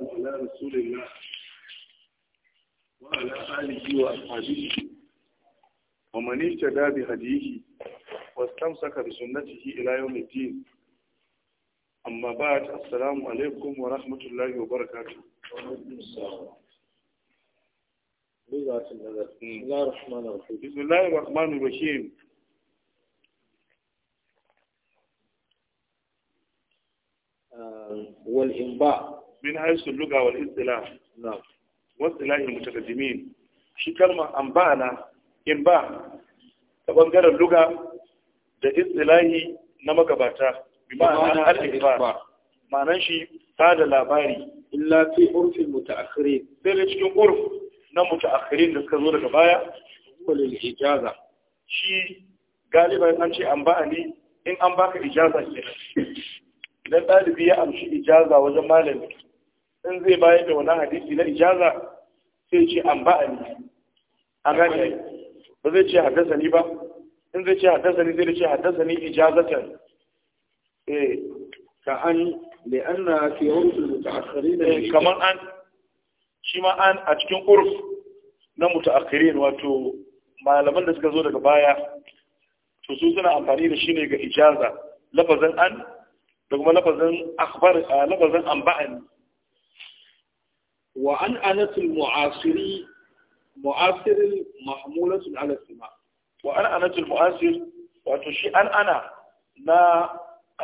على رسول الله وعلى آله وأصحابه ومن اهتدى بهديه واستمسك بسنته إلى يوم الدين أما بعد السلام عليكم ورحمة الله وبركاته بسم الله الرحمن الرحيم والإنباء min haisul luga wal istilah na wasilahi mutakaddimin shi kalmar na. in ba ta bangaren luga da istilahi na magabata bi ma'ana al ba. ma'anan shi ta da labari illa fi urfin mutaakhirin sai da cikin urf na mutaakhirin da suka zo daga baya wal ijaza shi galiban an ce an ba'a ni in an baka ijaza kenan idan ɗalibi ya amshi ijaza wajen malami in zai bayar da wannan hadisi na ijaza sai ce an ba ne an gane ba zai ce haddasa ni ba in zai ce haddasa ni zai ce haddasa ni ijazatan eh ka an na da لأن في Kamar an, shi ma an a cikin urf na muta'akhirin wato malaman da suka zo daga baya to su suna amfani da shi ne ga ijaza lafazin an da kuma lafazin akhbar lafazin anba'ani wa an anatul mu'asirin mahmulatul ala wa an anatul mu'asir wato shi an ana na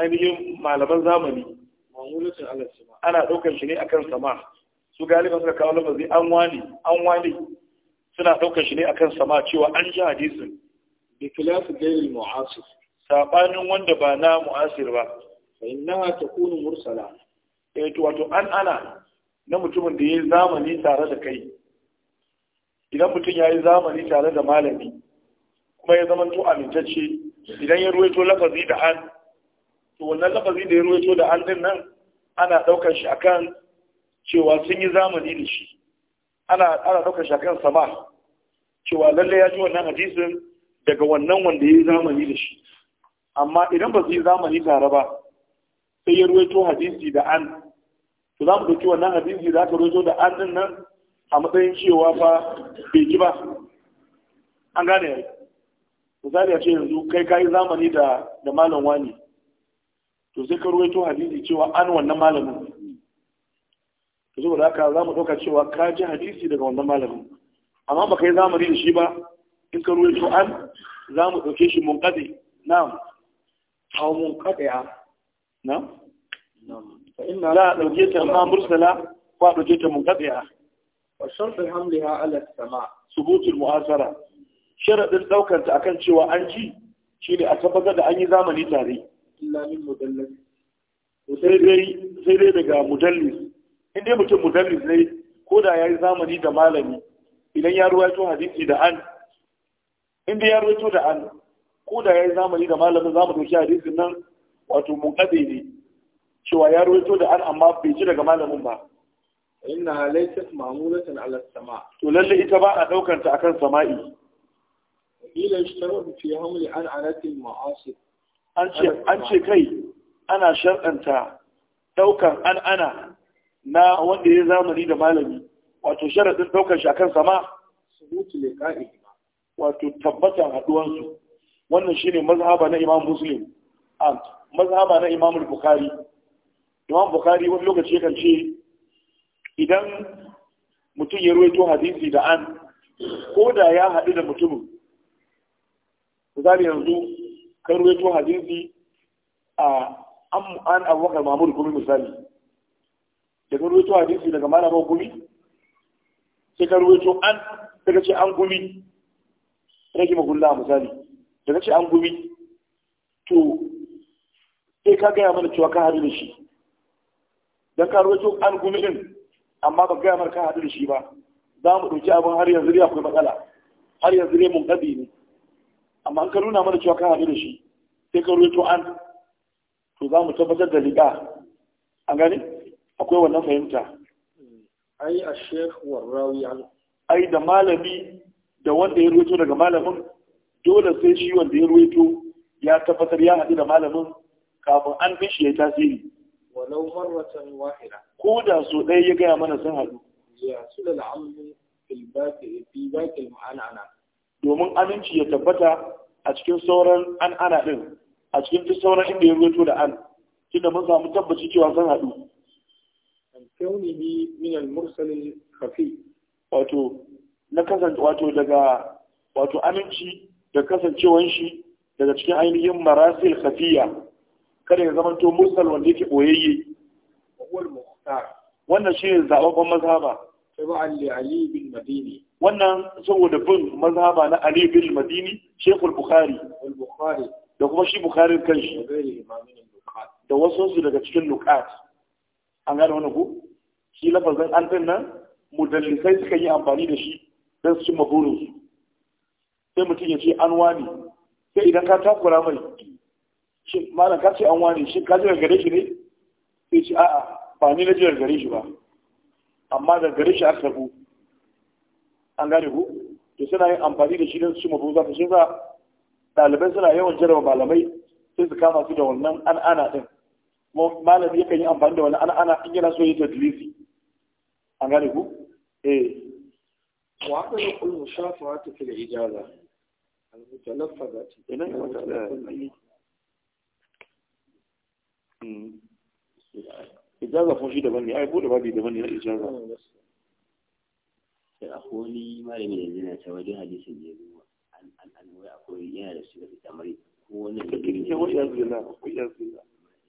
ainihin malaman zamani mahmulatul ala sima ana ɗaukar shi ne akan sama su kawo lafazi an wani an wani suna ɗaukar shi ne akan sama cewa an ji hadisin bi kilasu gairil mu'asir sabanin wanda ba na mu'asir ba fa takunu mursala eh to wato an ana na mutumin da ya yi zamani tare da kai idan mutum ya yi zamani tare da malami kuma ya zama to amintacce idan ya ruwaito lafazi da an to wannan lafazi da ya ruwaito da an din nan ana ɗaukar shi akan cewa sun yi zamani da shi ana ana ɗaukar shi akan sama cewa lallai ya ji wannan hadisin daga wannan wanda ya yi zamani da shi amma idan ba su yi zamani tare ba sai ya ruwaito hadisi da an to za mu ɗauki wannan hadisi da aka rozo da an ɗin nan a matsayin cewa fa bai ji ba an gane yayi misali a ce yanzu kai ka yi zamani da da malam wani to sai ka ruwaito hadisi cewa an wannan malamin to saboda haka za mu ɗauka cewa ka ji hadisi daga wannan malamin amma ba ka yi zamani da shi ba in ka ruwaito an za mu ɗauke shi mun kaɗe na'am hau mun kaɗe a na'am fa inna la dauke ta ma mursala ko dauke ta munqati'a wa shart hamliha ala sama subut al mu'asara sharadin daukar ta akan cewa an ji shine a tabbatar da an yi zamani tare sai dai daga mudallis in mutum mudallis ne ko da yayi zamani da malami idan ya ruwaito hadisi da an in ya ruwaito zamani da malamin zamu dauki hadisin nan wato munqati ne cewa ya rawaito da an amma bai ji daga malamin ba inna laysat ma'mulatan ala sama to lalle ita ba a daukar ta akan sama'i ila ishtaru fi hamli an anati ma'asi an ce an ce kai ana shar'anta daukar an ana na wanda ya zamani da malami wato sharadin daukar shi akan sama subutu liqa'i wato tabbatan su wannan shine mazhaba na imam muslim a mazhaba na imam bukhari imam bukari wani lokaci yakan ce idan mutum ya ruwaito hadisi da an ko da ya haɗu da mutumin misali yanzu kan ruwaito hadisi a an abubakar mamur gumi misali da kan ruwaito hadisi daga malaman gumi sai kan ruwaito an daga ce an gumi rage magulla misali daga ce an gumi to sai ka gaya mana cewa ka haɗu da shi dan ka rawaito an gumi din amma ba gaya mana ka haɗu da shi ba za mu ɗauki abin har yanzu dai akwai matsala har yanzu dai mun ɗabi ne amma an ka nuna mana cewa ka haɗu da shi sai ka rawaito an to za mu tabbatar da liƙa an gani. akwai wannan fahimta ai a shekh warrawi an ai da malami da wanda ya rawaito daga malamin dole sai shi wanda ya rawaito ya tabbatar ya haɗu da malamin kafin an bin shi ya tasiri ولو مرة واحدة ko da داي ɗaya ya gaya mana sun haɗu ya sula al'amru fil baqi fi baqi al domin aminci ya tabbata a cikin sauran an ana din a cikin duk sauran inda ya rubuto da an tunda mun samu tabbaci cewa sun haɗu an kaunihi min al-mursal khafi wato na kasance wato daga wato aminci da kasancewan shi daga cikin ainihin marasil khafiya kada ya zama to mursal wanda yake boyayye wal muhtar wannan shine zababban mazhaba tabi'an ali bin madini wannan saboda bin mazhaba na ali bin madini shaykhul bukhari al bukhari da kuma shi bukharin kanshi da wasu su daga cikin lukat an gane wani ku shi lafazin an din nan mudallisai suka yi amfani da shi don su cimma sai mutum ya ce an wani sai idan ka takura mai shi malam ka an wani shi ka ji gare shi ne sai ce a'a ba ni na jira gare shi ba amma da gare shi aka tabu an gane ku to suna yin amfani da shi don su mafi zafi shi za ɗalibai suna yawan jarawa malamai sai su kama su da wannan an'ana ɗin kuma malami yakan yi amfani da wannan an'ana in yana so yi dilisi an gane ku eh wa haka ne kullu shafa ta fil ijaza al-mutalaffaza idan mutalaffaza ijaza kuma shi daban ne ai bude babi daban ne na ijaza hmm, sai akwai wani malami yanzu na ta wajen hadisin da ya zuwa an an wai akwai yana da su da kamar ko wani da ke cikin wani yanzu na akwai yanzu na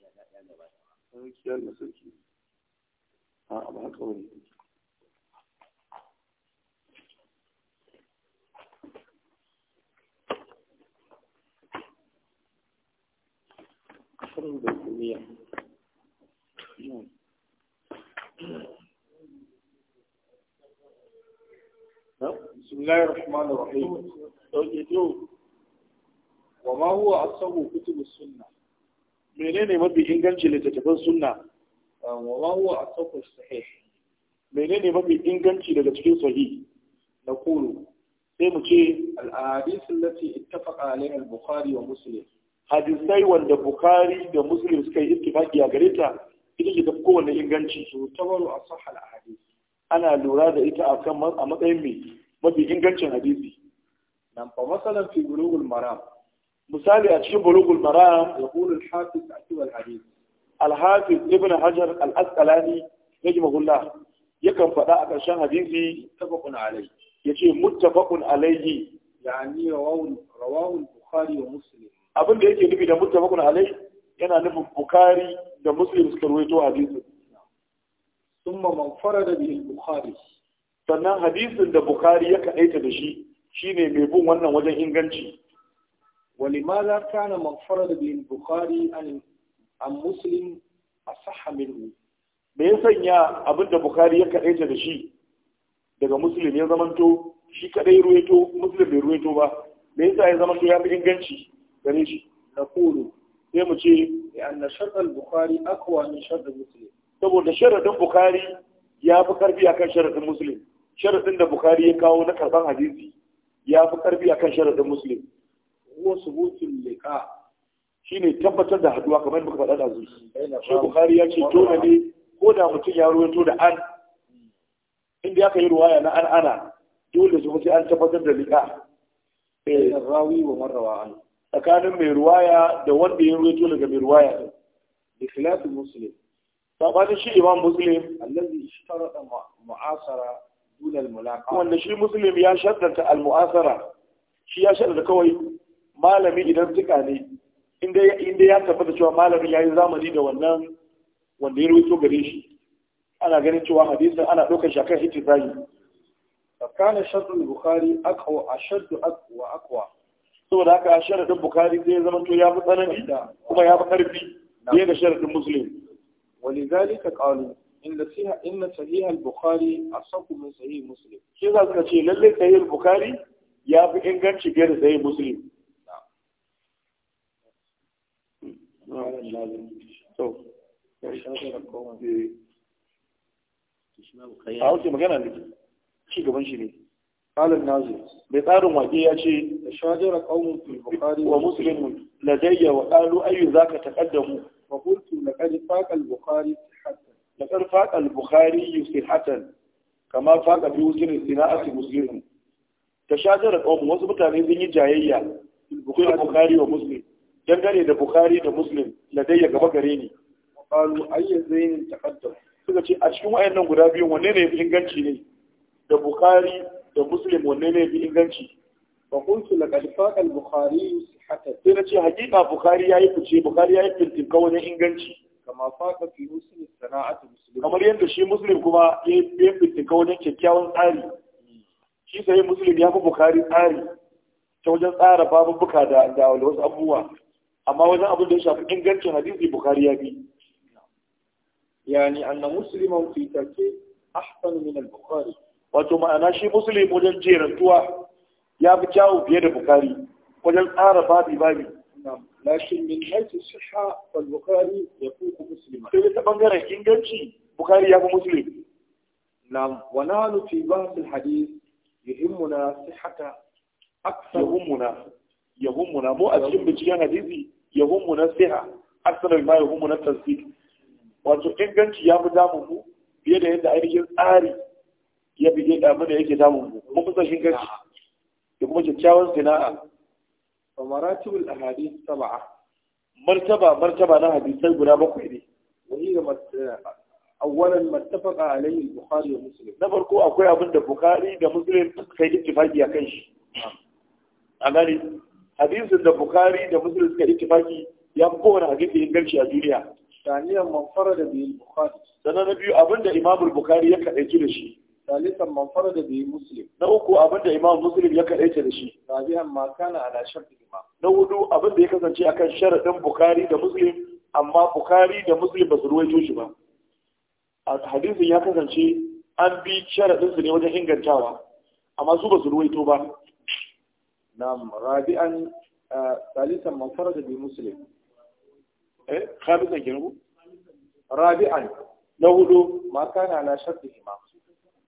ya gabata ba sarki yana sarki a ba haka wani tsarin baituniya bismillahir rahmanir rahim dauke to wa ma huwa asabu sunna menene mafi inganci littattafan sunna um, wa ma huwa asabu sahih menene mafi inganci daga cikin sahih na kulu sai mu ce al-ahadith ittafaqa alaiha al-bukhari wa muslim hadisai wanda bukari da muslim suka yi ittifaqi a gare ta ita ce tafi kowanne inganci su tabaru a sahal hadisi ana lura da ita a kan a matsayin mai mafi ingancin hadisi nan fa masalan fi bulugul maram misali a cikin bulugul maram ya al-hafiz a cikin hadith al-hafiz ibn hajar al-asqalani rahimahullah yakan faɗa a ƙarshen hadisi tafaqun alai yace muttafaqun alayhi yani rawahu rawahu bukhari wa muslim abin da yake nufi da muttafaqun alai yana nufin bukari da muslim suka ruwaito hadisin thumma man farada bi bukhari sannan hadisin da bukari ya kaɗaita da shi shine mai bin wannan wajen inganci Wani ma za man كان da فرد Bukhari an عن a saha منه me ya sanya abin da bukari ya kaɗaita da shi daga muslim ya zamanto shi kaɗai ruwaito muslim bai ruwaito ba me yasa ya zamanto ya fi inganci gare shi na kulu sai mu ce ya anna sharɗar bukari akwa ne sharɗar musulun saboda sharaɗin bukhari ya fi karfi akan sharaɗin musulun sharaɗin da bukhari ya kawo na karɓar hadisi ya fi karfi akan musulun wasu huwa leƙa shi shine tabbatar da haduwa kamar muka faɗa da zuci shi bukhari ya ce dole ne ko da mutum ya ruwaito da an inda aka yi ruwaya na an ana dole su sai an tabbatar da liƙa. Ina eh. rawi wa marrawa an tsakanin mai ruwaya da wanda ya ruwaito daga mai ruwaya din bi khilafi muslim sabanin shi imam muslim allazi ishtarata mu'asara dun al mulaqa wanda shi muslim ya shaddanta al mu'asara shi ya shaddanta kawai malami idan tuka ne inda inda ya tabbata cewa malamin yayi zamani da wannan wanda ya ruwaito gare shi ana ganin cewa hadisin ana ɗaukar shi akan ittifaqi fakana sharh Bukhari, Akwa a ashaddu aqwa Akwa. saboda haka a sharadin bukari zai zama to ya fi tsanani kuma ya fi ƙarfi fiye da sharadin muslim wani zalika kalu inda sahiha inda sahiha bukari a saku mai sahih muslim shi za ka ce lallai sahih bukari ya fi inganci fiye da sahih muslim a wuce magana ne ci gaban shi ne قال النازل بقار وقي يأتي شاجر قوم في البخاري ومسلم لدي وقالوا أي ذاك تقدموا فقلت لقد فاق البخاري صحة لقد فاق البخاري صحة كما فاق بوزن الزناعة مسلم تشاجر قوم وصبت عن ذي جاية البخاري ومسلم dangane da Bukhari da Muslim ladayya gaba gare ni qalu ayyu zainin taqaddam suka ce a cikin wayannan guda biyu wanne ne inganci ne da Bukhari da muslim wanne ne bi inganci fa kuntu laqad faqa al-bukhari sihhata sai na ce hakika bukhari yayi fice bukhari yayi tintinka wajen inganci kama faqa fi muslim sana'atu muslim kamar yadda shi muslim kuma yayi tintinka wajen kyakkyawan tsari shi sai muslim ya fi bukhari tsari ta wajen tsara babubuka da da wasu abubuwa amma wajen abin da ya shafi ingancin hadisi bukhari ya bi yani anna musliman fi tarki ahsan min al-bukhari wato ma'ana shi muslim wajen jerantuwa ya fi kyawu fiye da bukari wajen tsara babi babi lakin min haiti siha wal bukari ya fuku musulma. sai ta bangaren inganci bukari ya fi musulmi. Na muslim nam wa nahnu fi ya al hadith yuhimmuna sihata akthar yuhimmuna yuhimmuna mu a cikin binciken hadisi ya yuhimmuna siha akthar ma yuhimmuna tasdiq wato inganci ya fi damu mu fiye da yadda ainihin tsari ya fi abin da yake samun Kuma mun san shin gaci da kuma kyakkyawan sana'a wa maratibul ahadith sab'a martaba martaba na hadisai guda bakwai ne wani ga awwalan mattafaqa alayhi al-bukhari wa muslim na farko akwai abin da bukhari da muslim suka yi ittifaqi akan shi a gani hadisin da bukhari da muslim suka yi ittifaqi ya fi kowane hadisi inganci a duniya ثانيا من فرد به البخاري سنة نبي أبن إمام البخاري da shi. salisan man farada bi muslim na uku abin da imam muslim ya kadaice da shi rabi'an ma kana ala sharti imam na hudu abin ya kasance akan sharadin bukhari da muslim amma bukhari da muslim ba su ruwaito shi ba hadisin ya kasance an bi sharadin su ne wajen ingantawa amma su ba su ruwaito ba eh, rabi'an na hudu ma kana ala sharti imam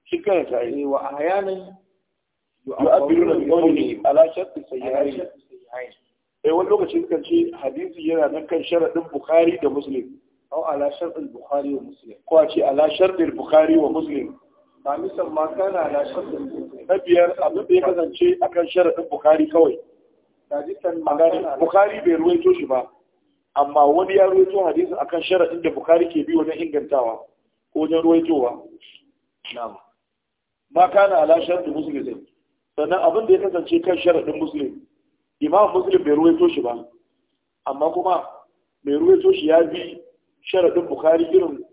cikin kansa wa ahyanan yu'abbiluna bi qawlihim ala shatti sayyi'ain eh wani lokaci suka ce hadisi yana nan kan sharadin bukhari da muslim aw ala shartil bukhari wa muslim ko a ce ala shartil bukhari wa muslim ba misan ma kana ala shartil na biyar abin da ya kasance akan sharadin bukhari kawai bukhari bai ruwaito shi ba amma wani ya ruwaito hadisin akan sharadin da bukhari ke bi wajen ingantawa ko wajen ruwaitowa na'am ma kana ala shartu muslim sannan abin da ya kasance kan sharadin muslim imam muslim bai ruwaito shi ba amma kuma mai ruwaito shi ya bi sharadin bukari irin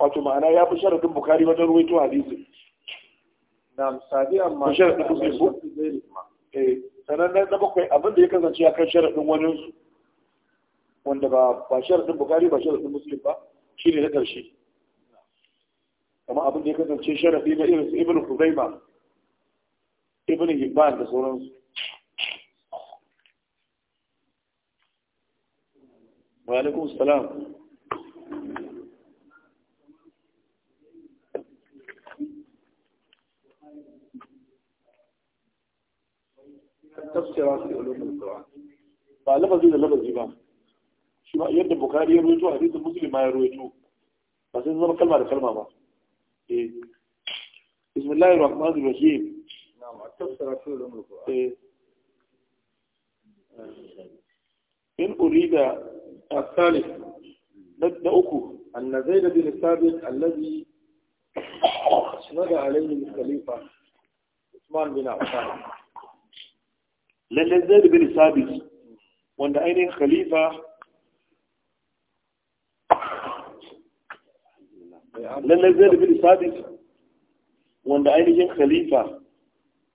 wato ma'ana ya fi sharadin bukari wajen ruwaito hadisi na misali amma sharadin muslim ko eh sanan na bakwai abin da ya kasance kan sharadin wani wanda ba ba sharadin bukari ba sharadin muslim ba shine na karshe وما أظن يكون شيء شرف إلا ابن خزيمة ابن هبان بصورة وعليكم السلام تفسير في علوم القرآن فعلق زيد اللغة الزبان شما يد البخاري يرويتو حديث المسلم ما يرويتو بس إنه ما كلمة على كلمة بقى. بسم الله الرحمن الرحيم نعم تفسر في الأمر إن أريد الثالث نبدأكم أن زيد بن ثابت الذي أسند عليه الخليفة عثمان بن عفان لأن زيد بن ثابت وأن أين خليفة lallai zai bin sadis wanda ainihin khalifa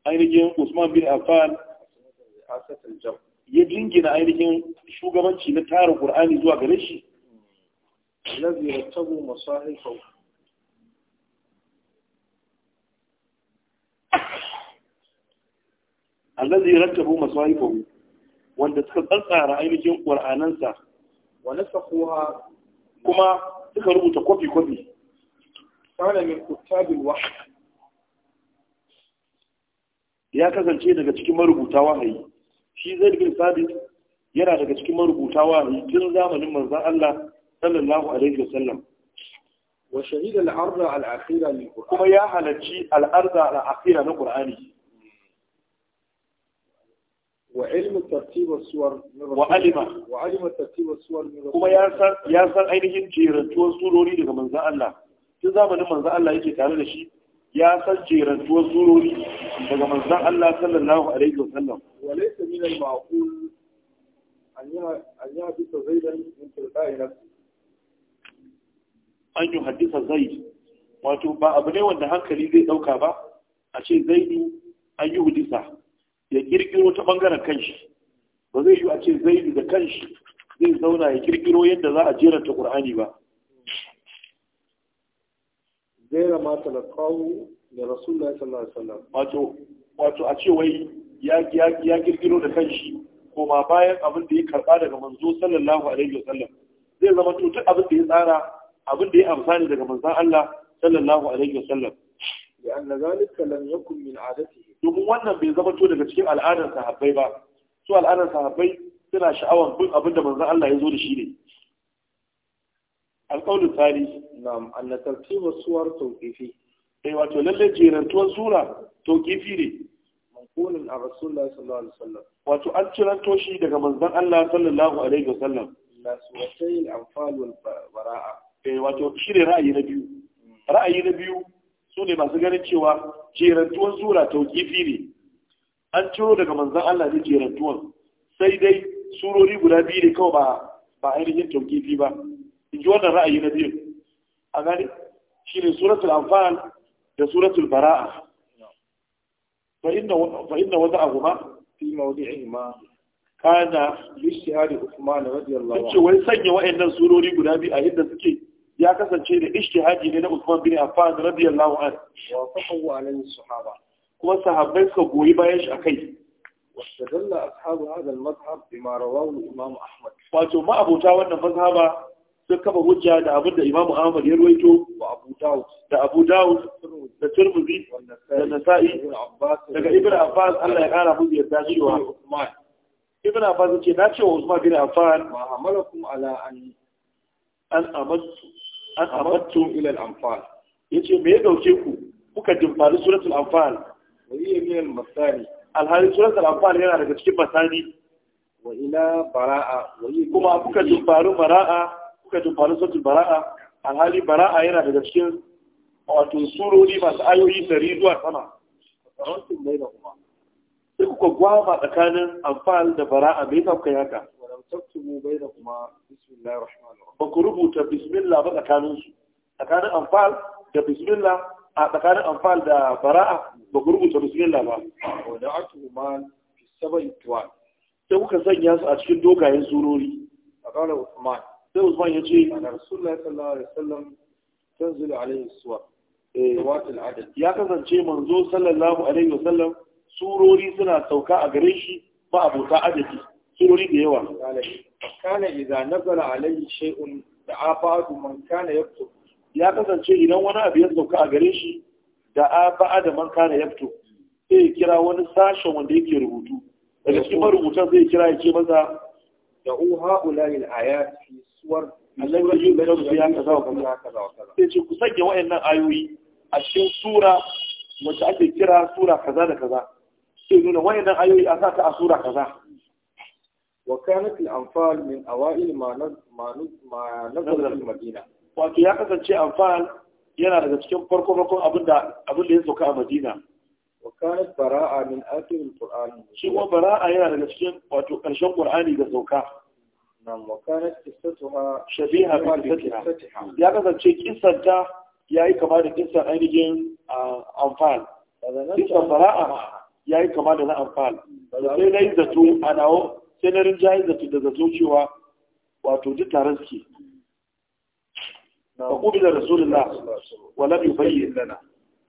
ainihin usman bin affan ya jingina ainihin shugabanci na tara ƙur'ani zuwa gare shi الذي رتب مصاحفه الذي رتب مصاحفه wanda suka tsantsara ainihin ƙur'anansa wa nasakuha kuma suka rubuta kwafi-kwafi kana min kuttabil wahyi ya kasance daga cikin marubuta wahayi shi zai bin sabit yana daga cikin marubuta wahayi tun zamanin manzon Allah sallallahu alaihi wasallam wa shahid al ardh al-akhira lil kuma ya halacci al ardh al-akhira na Qur'ani wa ilmu tartib as-suwar wa alima wa alima tartib as-suwar kuma ya san ya san ainihin jerantuwar surori daga manzon Allah tun zamanin manzan Allah yake tare da shi ya san jerantuwar surori daga manzan Allah sallallahu alaihi wasallam walaysa min al-ma'qul an ya an ya bi an yi haddisa zai, wato ba abu ne wanda hankali zai dauka ba a ce zai zaidu an yi hudisa ya kirkiro ta bangaren kanshi ba zai yi a ce zaidu da kanshi zai zauna ya kirkiro yadda za a jeranta ƙur'ani ba Zaira ma talakawu da rasulullahi da alaihi wasallam wato wato a ce wai ya ya girgiro da kanshi koma bayan abin da ya karba daga manzo sallallahu alaihi wa sallam zai zama to duk abin da ya tsara abin da ya amfani daga manzon Allah sallallahu alaihi wa wasallam لأن zalika lam yakun min adati domin wannan bai zama to daga cikin al'adar sahabbai ba su al'adar sahabbai suna sha'awar bin abin da manzon Allah ya zo da shi ne alƙawlu tari na anna tartiba suwar tawqifi eh wato lalle jerantuwar sura tawqifi ne manqulun a rasulullahi sallallahu alaihi wasallam wato an ciranto shi daga manzon Allah sallallahu alaihi wasallam la suwatayil anfal wal bara'a eh wato shi ne ra'ayi na biyu hmm. ra'ayi na biyu su masu ganin cewa jerantuwar sura tawqifi ne an ciro daga manzon Allah ne jerantuwar sai dai surori guda biyu ne kawai ba ba ainihin tawqifi ba in ji wannan ra'ayi na biyu a gani shi ne suratul anfal da suratul bara'a fa inna wata abu ma fi mawdi'i ma kana lishtihari Usman, radiyallahu anhu wai sanya wayannan surori guda biyu a yadda suke ya kasance da ishtihadi ne na Usman bin Affan radiyallahu anhu wa faqahu alayhi sahaba kuma sahabbai suka goyi bayan shi akai واستدل أصحاب هذا المذهب بما رواه الإمام أحمد. فاتو ما أبو تاوان مذهبا sun kafa hujja da abin da Imam Ahmad ya ruwaito da Abu Dawud da Tirmidhi da Nasa'i daga Ibn Abbas Allah ya kara musu yadda shi wa Usman Ibn Abbas ce na cewa Usman bin Affan ma amalakum ala an an amattu an amattu ila al-anfal yace me ya dauke ku kuka dimfari suratul anfal wa hiya min al-masani alhali suratul anfal yana daga cikin masani wa ila bara'a kuma kuka dimfari bara'a kuka faru sautin bara'a Al-hali bara'a yana daga cikin wato surori masu ayoyi dari zuwa sama rawancin mai da kuma sai kuka gwama tsakanin amfani da bara'a mai sa kuka yaka ba ku rubuta bismillah ba tsakanin su tsakanin amfal da bismillah a tsakanin amfal da bara'a ba ku rubuta bismillah ba wadda aka kuma saba ituwa sai kuka sanya su a cikin dogayen surori a ƙarar usman sai usman ya ce ana rasulullahi sallallahu alaihi wasallam tanzilu alaihi suwa tawatul eh, adad ya kasance manzo sallallahu alaihi wasallam surori suna sauka a gare shi ba abota adadi surori da yawa kana idza nazala alaihi shay'un da'afa man kana yaktub ya kasance idan wani abu ya sauka a gare shi da a da man kana yafto sai kira wani sashen wanda yake rubutu daga cikin marubutan zai kira ya ce masa da u ha'ula'il ayat fi suwar Allah yi bayan su ya kaza wa kaza kaza kaza sai ce ku sanya wayannan ayoyi a cikin sura wacce ake kira sura kaza da kaza sai nuna wayannan ayoyi a saka a sura kaza wa kanat al-anfal min awail ma ma ma nazala al-madina wato ya kasance anfal yana daga cikin farko farkon abinda abinda ya sauka a Madina وكانت براءة من آخر القرآن شيء وبراءة يعني لشكين وتقرشون da بزوكا ya kasance kisanta ya yi kama da kisan ainihin amfan kisan fara'a ya yi kama da na amfan sai na yi zato a nawo sai na rinjaye zato da zato cewa wato duk taron suke faƙubi da rasulullah wala bai bayyana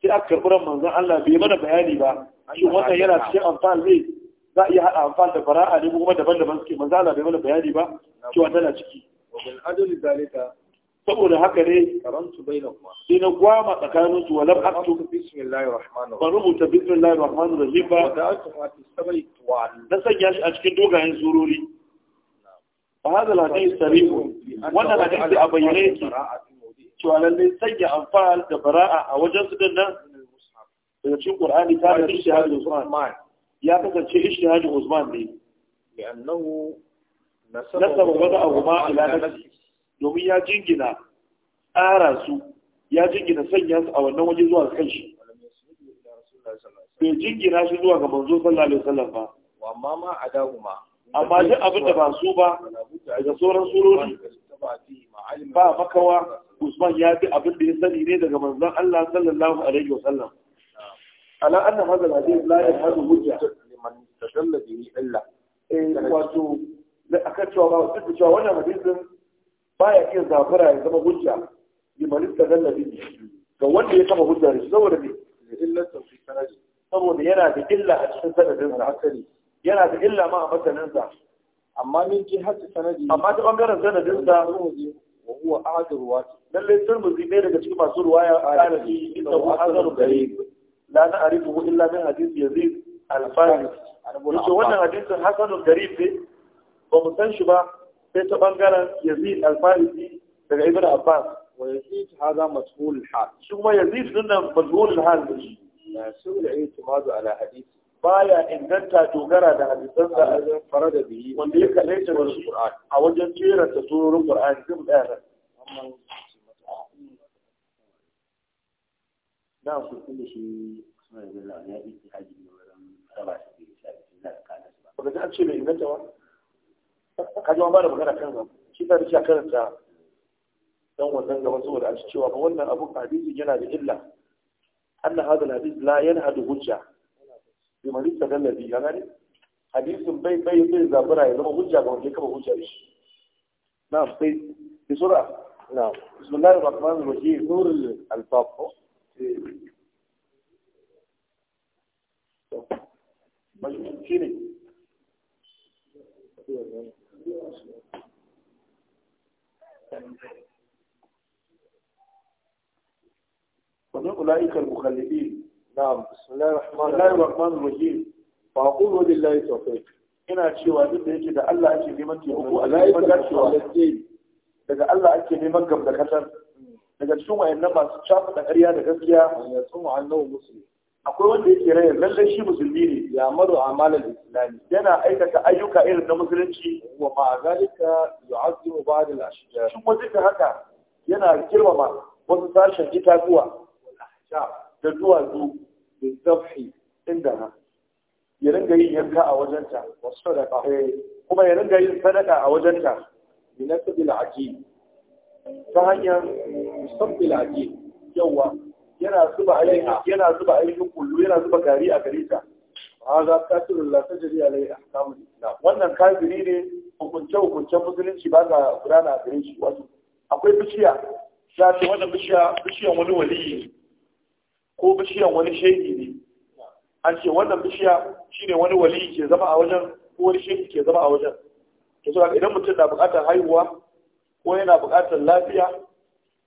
sai aka karɓi ran manzan Allah bai mana bayani ba shi wannan yana cikin amfan zai za a iya haɗa amfani da fara'a ne kuma daban-daban suke manzo Allah bai mana bayani ba cewa tana ciki saboda haka ne karantu bainakuma sai na gwama tsakanin su walam aktu bismillahir rubuta bismillahir rahmanir rahim ba da aktu fi na sanya shi a cikin dogayen surori fa hada hadith sarih wannan hadisi a bayyane yake cewa lalle sanya amfal da fara'a a wajen su din nan daga cikin qur'ani ta da shi hadisi qur'an ya kasance ishtihadin Usman ne li'annahu wata abu ma ila nafsi domin ya jingina tsara su ya jingina sanya su a wannan waje zuwa kan shi bai jingina shi zuwa ga manzo sallallahu alaihi wasallam ba amma ma adahuma amma duk abin da ba su ba daga sauran surori ba makawa Usman ya bi abin da ya sani ne daga manzon Allah sallallahu alaihi wasallam Ana anna hadha alhadith la yahadu hujja liman istadalla bihi illa eh wato da cewa ba duk cewa wannan hadisin baya iya ya zama hujja liman wanda ya kama hujja da saboda me saboda yana da illa a cikin sanadin yana da illa a masanin amma min jihati sanadi amma ta bangaren sanadin sa wa huwa ahadu ruwati lalle turmuzi ne daga cikin a la na arifu illa min hadith yazid al-faris yace wannan hadisin hasanul garib ba mu san shi ba sai ta bangaren yazid al-faris daga ibn abbas wa yazid hada mashhul al-hal shi kuma yazid din nan mashhul al-hal ne la sul i'timadu baya inganta dogara da hadisan da an fara da biyi wanda ya kalle shi a wajen jera da surorin qur'ani din da su shi ya yi haji ne wurin raba shi da shi da kana su ba ba ga ce bai inganta ba ka ji ba da magana kan ba shi da karanta ɗan wannan gaba saboda an cewa ba wannan abu hadisi yana da illa anna hadha alhadith la yanhadu hujja bi man istadalla bi ya gani hadisin bai bai bai zabura ya zama hujja ga wanda ya kaba hujja da shi na'am sai bisura na'am bismillahir nurul albab shi ne ومن أولئك المخلدين نعم بسم الله الرحمن الرحيم فأقول وبالله التوفيق ina cewa duk da yake da Allah ake neman taimako a cikin dacewa daga Allah ake neman gamdakatar daga cikin wayannan masu cafa da ƙarya da gaskiya ya tsumu annabi musulmi akwai wanda yake rayar lalle shi musulmi ne ya maru amalan islami yana aikata ayyuka irin na musulunci wa ma zalika yu'azzimu ba'd al-ashjar shin wajen da haka yana girmama wasu sashen itatuwa da duwatsu da zafi inda ha ya ringa yin yanka a wajenta wasu sadaka eh, kuma ya ringa yin sadaka a wajenta bi nasbil ajib ta hanyar musabbil aqid yawa yana zuba ayyuka yana kullu yana zuba gari a gare ta hadha kafirun la tajri alayhi ahkamul islam wannan kafiri ne hukunce hukuncen musulunci ba za gudana a gare shi wato akwai bishiya za ta wannan bishiya bishiyan wani ne, ko bishiyan wani shehi ne an ce wannan bishiya ne wani waliyi ke zama a wajen ko wani shehi ke zama a wajen to saboda idan mutum na buƙatar haihuwa ko yana buƙatar lafiya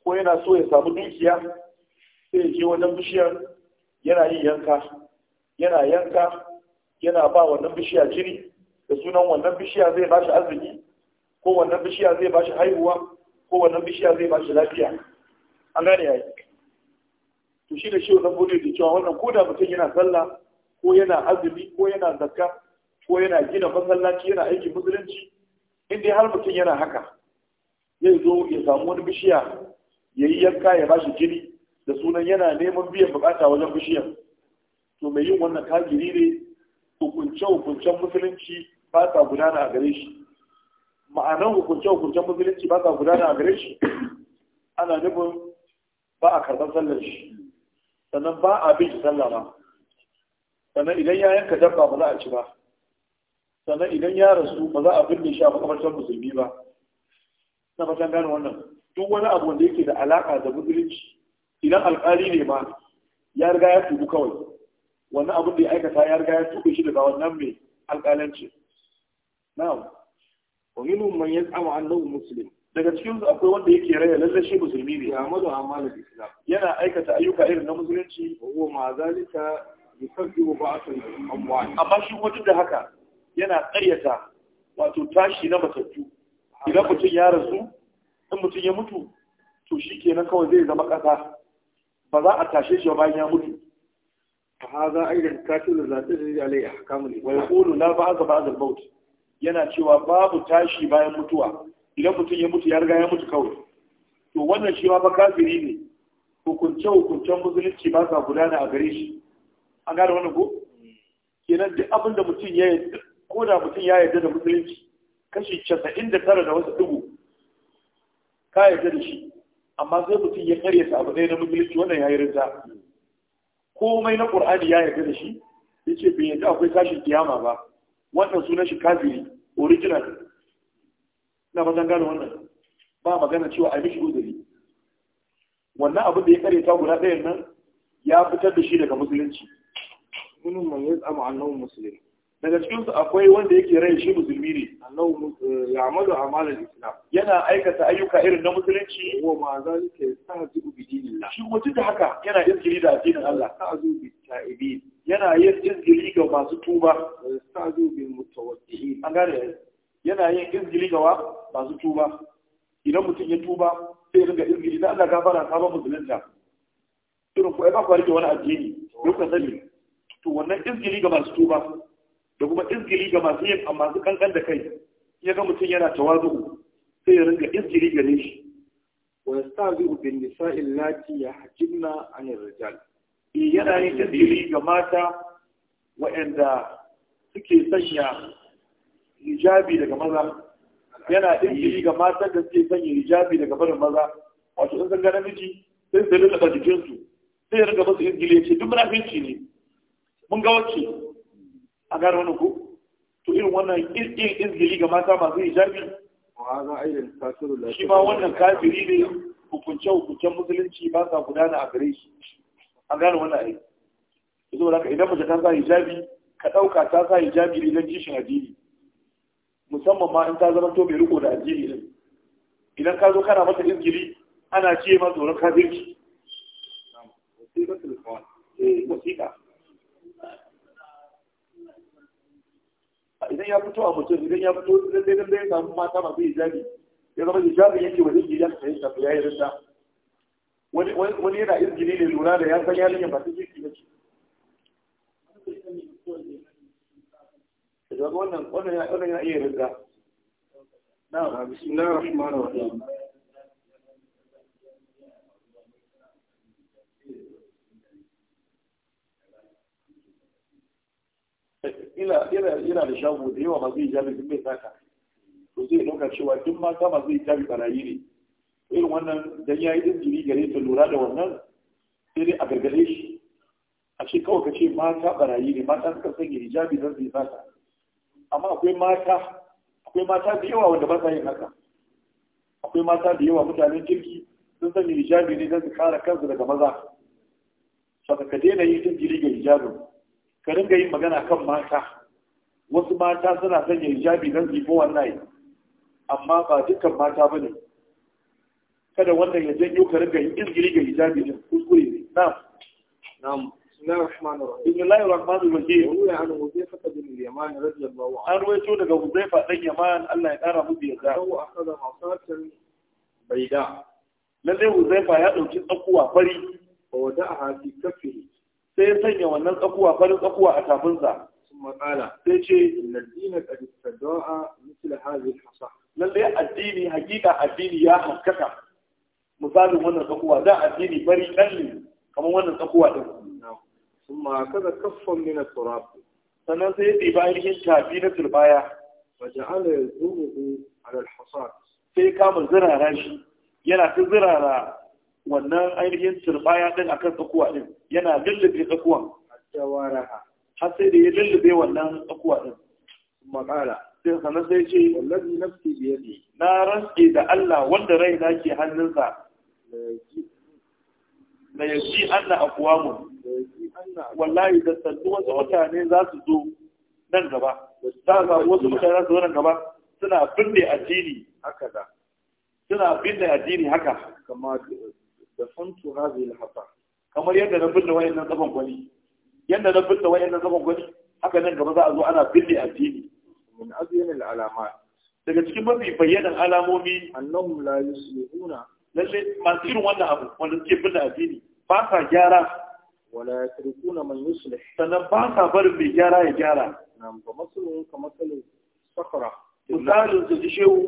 ko yana so ya samu dukiya sai ya je wajen bishiyar yana yin yanka yana yanka yana ba wannan bishiya jini da sunan wannan bishiya zai ba shi arziki ko wannan bishiya zai ba shi haihuwa ko wannan bishiya zai ba shi lafiya an gane yayi to shi da shi wannan bude da cewa wannan ko mutum yana sallah ko yana azumi ko yana zakka ko yana gina masallaci yana aikin musulunci in dai har mutum yana haka zai zo ya samu wani bishiya ya yi yanka ya ba shi jini da sunan yana neman biyan bukata wajen bishiyar to mai yin wannan kagiri ne hukunce-hukuncen musulunci ba sa gudana a gare shi ma'anar hukunce-hukuncen musulunci ba sa gudana a gare shi ana nufin ba a karɓar sallar shi sannan ba a bin sallah ba sannan idan ya yanka dabba ba za a ci ba sannan idan ya rasu ba za a binne shi a makamantar musulmi ba na fatan gane wannan duk wani abu wanda yake da alaka da musulunci idan alƙali ne ma ya riga ya tubu kawai wannan abin da ya aikata ya riga ya tubu shi daga wannan mai alƙalanci na'am wa minhum man yaz'amu annahu muslim daga cikin su akwai wanda yake raya lalle shi musulmi ne amma da islam yana aikata ayyuka irin na musulunci wa huwa ma zalika yusabbibu ba'atun amwal amma shi wajen da haka yana ƙaryata wato tashi na matattu idan mutum ya rasu in mutum ya mutu to shi kenan kawai zai zama ƙasa ba za a tashe shi bayan ya mutu da da zai فهذا أيضا Kamun ذاته عليه na ba a بعض a الموت yana cewa babu tashi bayan mutuwa idan mutum ya mutu ya riga ya mutu kawai to wannan shi ma ba kafiri ne hukunce hukuncen musulunci ba sa gudana a gare shi an gane wannan ko hmm. kenan duk abin da mutum ya ko da mutum ya yarda da musulunci kashi casa'in da tara da wasu dubu ka yarda da shi amma zai mutum ya karya sa abu ɗaya na musulunci wannan ya yi rinta komai na ƙur'ani ya yarda da shi ya ce bai yarda akwai tashin kiyama ba wannan sunan shi kaziri original na ba gano wannan ba magana cewa a mishi uzuri wannan abin da ya ta guda ɗayan nan ya fitar da shi daga musulunci. Minun mai ya tsama annabi musulunci. daga cikinsu akwai wanda yake rai shi musulmi ne Allahu eh, ya amalu amalan islam yana aikata ayyuka irin na musulunci wa ma zalika yastahzi'u bi dinillah shi mutum da haka yana izgiri da addinin Allah yastahzi'u bi ta'ibin yana yin izgiri ga masu tuba yastahzi'u bi mutawakki'in an gane yana yin izgiri ga masu tuba idan mutum ya tuba sai ringa izgiri da Allah gafara ka ba musulunta irin Ko ai ba ku rike wani addini yau ka sani to wannan izgiri ga masu tuba da kuma izgiri ga masu yin amma su kankan da kai ya ga mutum yana tawazu sai ya ringa izgili gare shi wa yastazi'u bin nisa'i allati yahjinna 'anil rijal eh, yana yin izgiri ga mata wa'anda suke sanya hijabi daga maza yana izgiri ga mata da suke sanya hijabi daga barin maza wato in san ga namiji sai su rinka jikinsu sai ya ringa musu izgili ya ce duk munafinci ne mun ga wacce a gara wani ku to irin wannan irin izgili ga mata masu hijabi shi ma wannan kafiri ne hukunce hukuncen musulunci ba sa gudana a gare shi A gane wannan aiki. yanzu da idan mace ta sa hijabi ka ɗauka ta sa hijabi ne don jishin addini musamman ma in ta zama to mai riko da addini ne idan ka zo kana mata izgili ana ce ma tsoron kafirci eh, wasiƙa idan ya fito a mutum idan ya fito lalle lalle ya samu mata masu hijabi ya zama hijabi yake wani gida ka yi shafi ya yi rinda wani yana jini ne lura da ya san yarinya ba masu jiki bace ce wannan yana iya rinda na yana da shago da yawa masu jami sun bai saka to zai ɗauka cewa duk mata masu bana barayi ne irin wannan dan ya yi injiri gare ta lura da wannan sai dai a gargare shi a ce kawai ka ce mata barayi ne mata suka sanya hijabi zan su yi saka amma akwai mata akwai mata da yawa wanda ba sa yin haka akwai mata da yawa mutanen kirki sun sanya hijabi ne zan su kare kansu daga maza saka ka daina yin injiri ga hijabin ka dinga yin magana kan mata wasu mata suna sanya hijabi don wannan wallahi amma ba dukkan mata ba ne kada wannan ya janyo ka dinga yin izgiri ga hijabi ne kuskure ne na Bismillahir daga Huzaifa dan Yaman Allah ya kara mu biya. Sai wa akhadha masatan baida. Lalle Huzaifa ya dauki tsakuwa fari. Wa da'a fi sai ya sanya wannan tsakuwa farin tsakuwa a tafinsa matsala sai ce ladina qad tadaa a hadhihi al-hasa lalle addini hakika addini ya haskaka misalin wannan tsakuwa da addini bari ne. kamar wannan tsakuwa ɗin. sun ma kaza kaffan min at-turab sannan sai ya diba ainihin tafi na turbaya wa ja'ala yazuhu ala al sai kama zirara shi yana ta zirara wannan ainihin turbaya din akan tsakuwa din yana lullube tsakuwan har sai da ya lullube wannan tsakuwa din maƙala sai sanar sai ce wallazi nafsi biyadi na rantsi da Allah wanda rai na ke hannunsa la yaji Allah aqwamu wallahi da sandu wasu mutane za su zo nan gaba za ga wasu mutane za su zo nan gaba suna binne addini haka da suna binne addini haka kamar Da دفنت هذه الحطة kamar yadda na binne wayannan zaban gwani yadda na binne wayannan zaban gwani haka nan gaba za a zo ana binne addini min azyanil alamat daga cikin mafi bayyanan alamomi annahum la yuslihuna lalle masu irin wannan abu wanda suke binne addini ba sa gyara wala yatrukuna man yuslih sannan ba sa barin mai gyara ya gyara nan ba masulun kamar masalin sakara misalin su shehu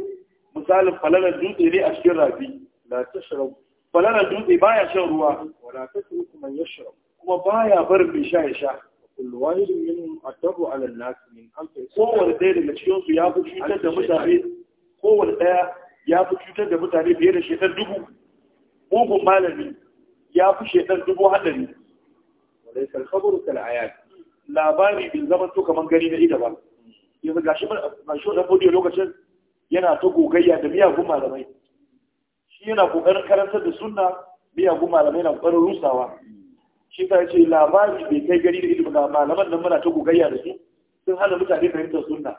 misalin falalar dutse ne a cikin rabi la tashrabu balaran dutse ba ya shan ruwa wala tasrifu man yashrab kuma ba ya barin mai sha ya sha kullu wahidin minhum adabu ala an-nas min amsi kowanne ɗaya daga cikin ya fi cutar da mutane kowanne ɗaya ya fi cutar da mutane fiye da shekar dubu mugun malami ya fi shekar dubu hadari walaysa al-khabru kal ayat labari bin zaman to kaman gani na ida ba yanzu gashi ba shi da lokacin yana ta gogayya da miyagun malamai shi yana kokarin karantar da sunna gu malamai na kokarin rusawa shi ta ce labari bai kai gari da ilimin malaman nan muna ta gogayya da su sun hana mutane fahimtar sunna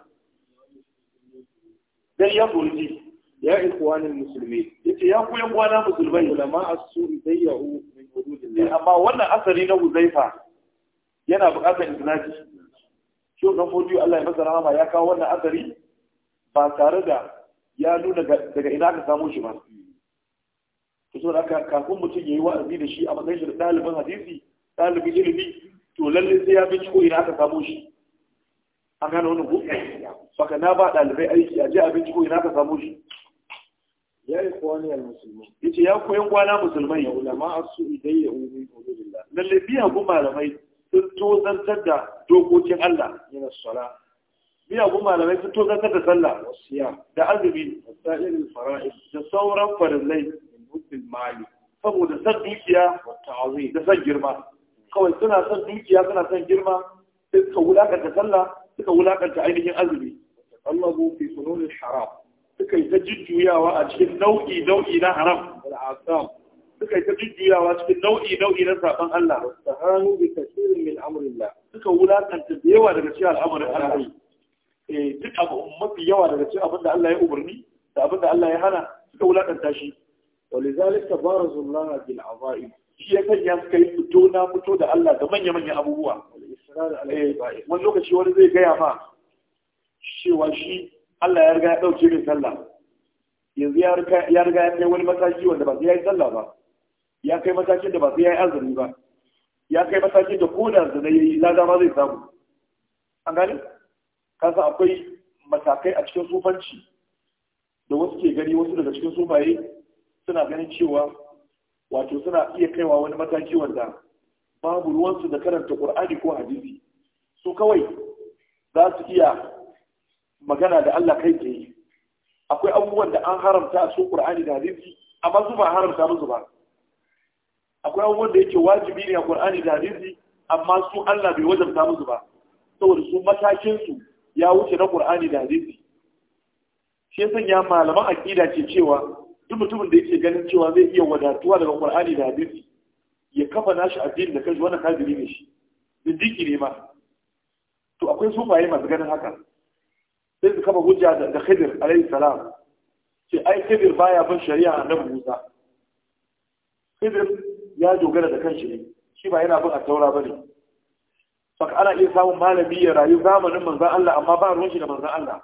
dan ya burji ya ikwanin musulmi yace ya ku yan kwana musulmai ulama asu su idayyu min hududillah amma wannan asari na Huzaifa yana buƙatar iznaji shi dan fodi Allah ya masa ma ya kawo wannan asari ba tare da ya nuna daga ina ka samu shi ba so da haka kafin mutum ya yi wa'azi da shi a matsayin shi da ɗalibin hadisi ɗalibin ilimi to lalle sai ya ciko ina aka samu shi an gane wani ku saka na ba ɗalibai aiki a je a ciko ina aka samu shi ya yi kowani al musulmi ya ce ya koyan kwana musulmai ulama a su idai ya ubi ubudillah lalle biya gun malamai sun tozantar da dokokin Allah yana sala biya gun malamai sun tozantar da sallah da azumi da sa'irin fara'id da sauran farillai hubbil mali saboda san dukiya da san girma kawai suna san dukiya suna san girma sai suka wulakanta sallah suka wulakanta ainihin azumi Allah fi sununil haram suka yi ta jujjuyawa a cikin nau'i nau'i na haram wal asam suka yi ta jujjuyawa cikin nau'i nau'i na saban Allah wastahanu bi kasirin min amrillah suka wulakanta da yawa daga cikin al'amarin Allah eh duk abu mafi yawa daga cikin abin da Allah ya umarni da abin da Allah ya hana suka wulakanta shi ولذلك بارز الله بالعظائم shi ya sanya suka yi fito na fito da Allah da manya-manyan abubuwa wani lokaci wani zai gaya ma cewa shi Allah ya riga ya ɗauke mai sallah yanzu ya riga ya kai wani mataki wanda ba sai yi sallah ba ya kai matakin da ba sai yi azumi ba ya kai matakin da koda zana ya yi lada ma zai samu an gani kasa akwai matakai a cikin sufanci da wasu ke gani wasu daga cikin sufaye suna ganin cewa wato suna iya kaiwa wani mataki wanda babu ruwansu da karanta ƙur'ani ko hadisi su kawai za su iya magana da Allah kai tsaye akwai abubuwan da an haramta a cikin ƙur'ani da hadisi amma su ba haramta musu ba akwai abubuwan da yake wajibi ne a ƙur'ani da hadisi amma su Allah bai wajabta musu ba saboda su matakin su ya wuce na ƙur'ani da hadisi shi ya sanya malaman aƙida ke cewa duk mutumin da yake ganin cewa zai iya wadatuwa daga ƙwar'ani da hadisi ya kafa nashi addini da kai wannan kafiri ne shi zindiki ne ma to akwai sufaye masu ganin haka sai su kafa hujja da Khidir alayhi salam ce ai Khidir baya bin shari'a annabi Musa Khidir ya dogara da kanshi ne shi ba yana bin a taura bane saka ana iya samun malami ya rayu zamanin manzon Allah amma ba ruwan shi da manzon Allah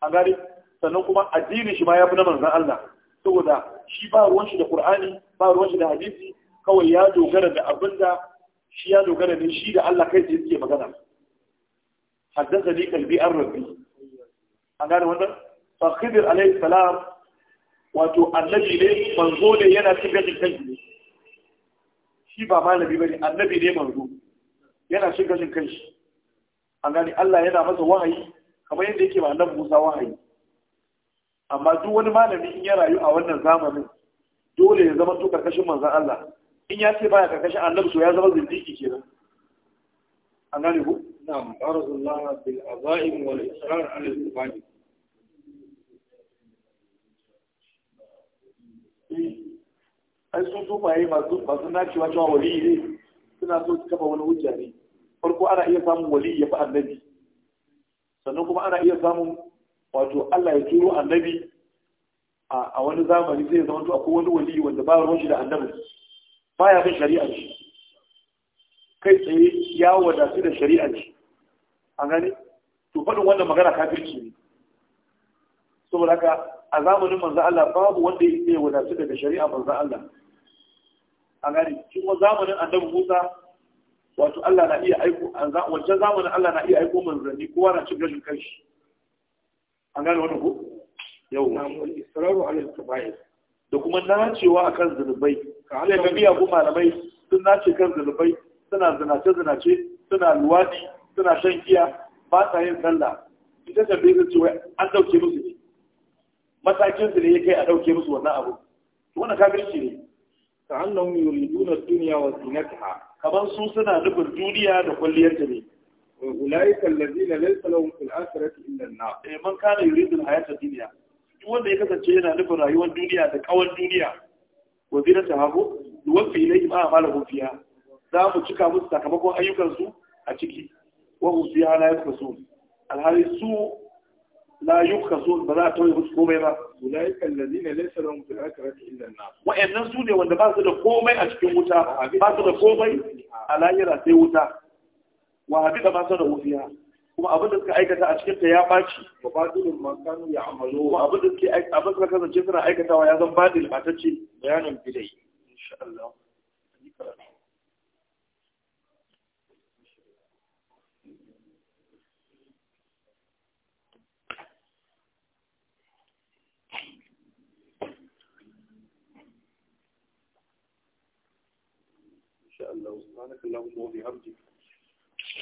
a gari sannan kuma addinin shi ma ya fi na manzan Allah saboda shi ba ruwan shi da Kur'ani, ba ruwan shi da hadisi kawai ya dogara da abinda shi ya dogara ne shi da Allah kai tsaye suke magana haddasa ni kalbi an rabbi an gane wannan fakhidir alayhi salam wato annabi ne manzo ne yana shiga cikin ne shi ba malami bane annabi ne manzo yana cikin cikin kanshi an gane Allah yana masa wahayi kamar yadda yake ba annabi Musa wahayi amma duk wani malami in ya rayu a wannan zamanin dole ya zama to kashin manzan Allah in ya ce baya karkashin annabi so ya zama zindiki kenan an gane ku na'am barzullah bil azaim wal israr al istifani an eh, sun tumaye masu masu nacewa cewa wali ne suna so su kafa wani hujja ne farko ana iya samun wali ya fi annabi sannan kuma ana iya samun wato Allah ya turo annabi a wani zamani zai zama to akwai wani wali wanda ba ruwan shi da annabi baya bin shari'ar shi kai tsaye ya wadatu da shari'ar shi A gani, to faɗin wannan magana kafirci ne saboda haka a zamanin manzo Allah babu wanda ya iya wadatu daga shari'a manzo Allah gani, gane cikin zamanin annabi Musa wato Allah na iya aiko wancan zamanin Allah na iya aiko manzanni kowa na cin gashin kanshi an gane wannan ku yau israru alal kaba'ir da kuma nacewa akan zunubai sai ga biya ku malamai sun nace kan zunubai suna zinace zinace suna luwadi suna shan giya ba sa yin sallah ita ta bai zai wai an dauke musu ne matakin su ne ya kai a dauke musu wannan abu to wannan kafirci ne ta annahum yuriduna ad-dunya wa zinataha kaman su suna nufin duniya da kulliyarta ne أولئك الذين ليس لهم في الآخرة إلا النار من كان يريد الحياة الدنيا wanda ya kasance yana nufin rayuwar duniya da kawan duniya wa zira ta hagu duwafi ilayhim a amala fiya za mu cika musu sakamakon ayyukansu a ciki wa hum fiha la yakhasun alhali su la yakhasun ba za a tauye musu komai ba ulaika alladhina laysa lahum fil akhirati illa an-nar wa'annan su ne wanda ba su da komai a cikin wuta ba su da komai a lahira sai wuta wa habita ma sanu fiha kuma abin da suka aikata a cikin ta ya baci wa batilun ma kanu ya amalo kuma abin da suke abin da kasance suna aikatawa ya zan ta ce bayanin bidai insha Allah Allah, subhanahu wa ta'ala, wa وبحمدك